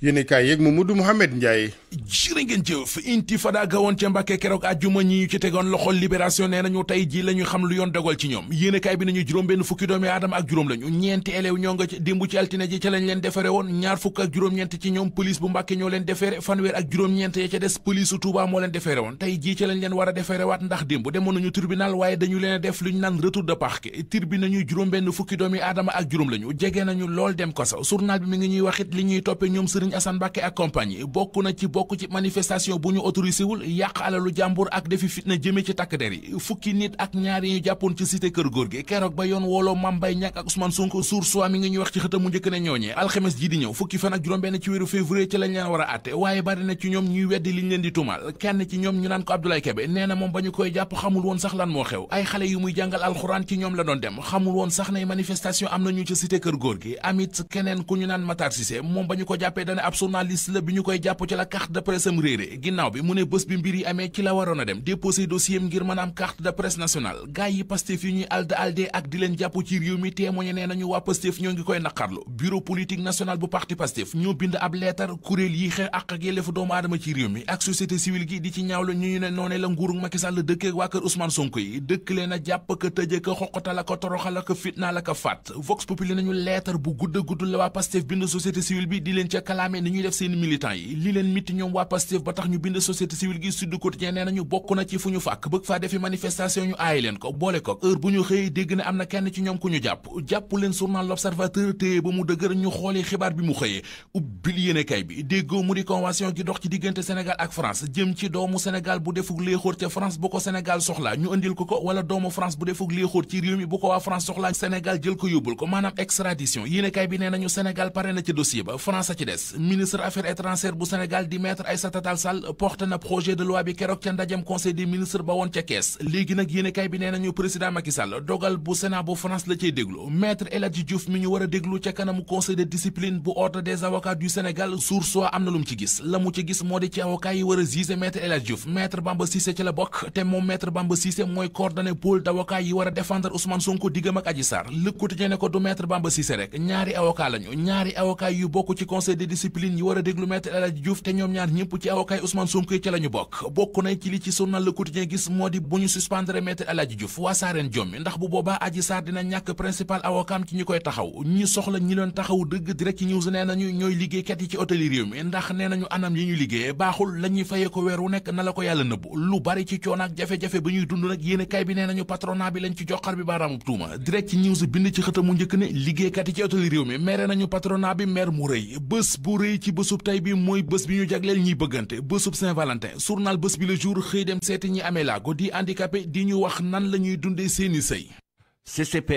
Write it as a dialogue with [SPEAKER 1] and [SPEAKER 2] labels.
[SPEAKER 1] yéen kaay yeeg Mamadou Mouhamed Ndiaye jërë ngeen jëf intifada ga woon ca Mbàkke keroog àjjuma ñi ñu ci tegoon loxol libération nee nañu tey ji la ñu xam lu yoon dogal ci ñoom yéen bi nañu juróom benn fukki doomi aadama ak juróom lañu ñeenti élève ñoo nga démb ci altine ji ca lañ leen defere woon ñaar fukk ak juróom-ñeent ci ñoom police bu Mbàkke ñoo leen defeere fanweer ak juróom-ñeent ya ca des police su moo leen defeere a defeere waat ndax démb demoon nañu tribunal ñu naan retour de parquet tribunal nañu juróom benn fukki doomi aadama ak juróom lañu jege nañu lool dem ko sa journal bi mi ngi ñuy waxit li ñuy Serigne Assane Mbacké ak compagnie bokk na ci bokk ci manifestation bu ñu autorisé wul yàq alalu jàmbur ak defi fitna jëmee ci takk der yi fukki nit ak ñaar yi ñu jàppoon ci cité kër góor gi keroog ba yoon wooloo Mame Mbaye Niang ak Ousmane Sonko sour soi mi ngi ñuy wax ci xëtam mu njëkk ne ñooñee alxames ji di ñëw fukki fan ci wéeru février ci lañ leen war a àtte ko Abdoulaye Kébé nee na moom ba ñu koy jàpp xamul woon sax lan moo xew ay ñoom la doon dem xamul woon sax nay manifestation am nañu ci cité kër góor keneen ku ñu naan Matar Cissé moom ba ñu ko jàpp jàppee dane ab journaliste bi ñu koy jàpp ci la carte de presse am réere ginnaaw bi mu ne bés bi mbir yi amee ci la waroon a dem déposé dossier ngir mën am carte de presse nationale gaay yi Pastef yi ñuy alda aldee ak di leen jàpp ci réew mi témoigné nee nañu waa Pastef ñoo ngi koy naqarlu bureau politique national bu parti Pastef ñoo bind ab leetar kuréel yi xeex ak ak yelleefu doomu aadama ci réew mi ak société civile gi di ci ñaawlu ñu ne noonee la nguurug kalaame ni ñuy def seen militants yi li leen mitti ñoom waa Pastef ba tax ñu bind société civile gi Sud Quotidien nee nañu bokk na ci fu ñu fàkk bëgg faa defi manifestation ñu aayi leen ko boole ko heure bu ñu xëyee dégg ne am na kenn ci ñoom ku ñu jàpp jàpp leen journal L'Observateur téye ba mu dëgër ñu xooli xibaar bi mu xëyee ubbil yéenekaay bi déggoo mu di convention gi dox ci diggante Sénégal ak France jëm ci doomu Sénégal bu defug léexóor ca ko ko wala doomu France bu defug léexóor ci réew mi bu ko waa France soxlaa Sénégal jël ko yóbbul ko maanaam extradition yéenekaay bi nee nañu bees ministre affaires étrangères bu Sénégal di maître Aïssata Tall Sall porte na projet de loi bi keroog ca ndajem conseil des ministres ba woon ca kees léegi nag yéenekaay bi nee nañu président Macky dogal bu Sénat bu France la cay déglu maître El Hadji mi ñu war a déglu ca kanam conseil de discipline bu ordre des avocats du Sénégal source wa am na lu mu ci gis la mu ci gis moo di ci avocats yi war a gise maître El Bamba Cissé ci la bokk te moom maître Bamba Cissé mooy coordonné pôle yi war a défendre Ousmane Sonko diggam ko du maître Bamba Cissé rek ñaari avocats lañu ñaari avocats yu bokk ci conseil discipline yi war a déglu maître El Hadji Diouf te ñoom ñaar ñëpp ci avocat Ousmane Sonko yi ca la ñu bokk bokk nañ ci li ci journal Le Quotidien gis moo di bu ñu suspendre maître El Hadji waa saareen jommi ndax bu boobaa Adji Sarr dina ñàkk principal avocat ci ñi koy taxaw ñi soxla ñi leen taxaw dëgg direct ci news nee nañu ñooy liggéeykat yi ci hôtel yi réew mi ndax nee nañu anam yi ñu liggéeye baaxul la ñuy fayee ko weer wu nekk na la ko yàlla nëbb lu bari ci coono ak ñuy dund nag yéen kay bi nee nañu patronat bi lañ ci joxar bi baaraamub tuuma njëkk ne liggéeykat yi ci hôtel yi réew mi mere nañu patronat mu bu rëy ci bésub tey bii mooy bés bi ñu jagleel ñiy bëggante bésub Saint-Valentin journal bés bi le jour xëy dem seeti ñi amee laago di handicapé di ñu wax nan la ñuy dundee seeni sëy